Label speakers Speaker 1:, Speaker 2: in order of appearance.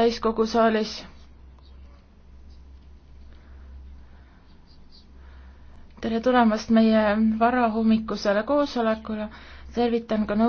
Speaker 1: täiskogu saalis. tere tulemast meie varahommikusele koosolekule,
Speaker 2: tervitan ka nõu-.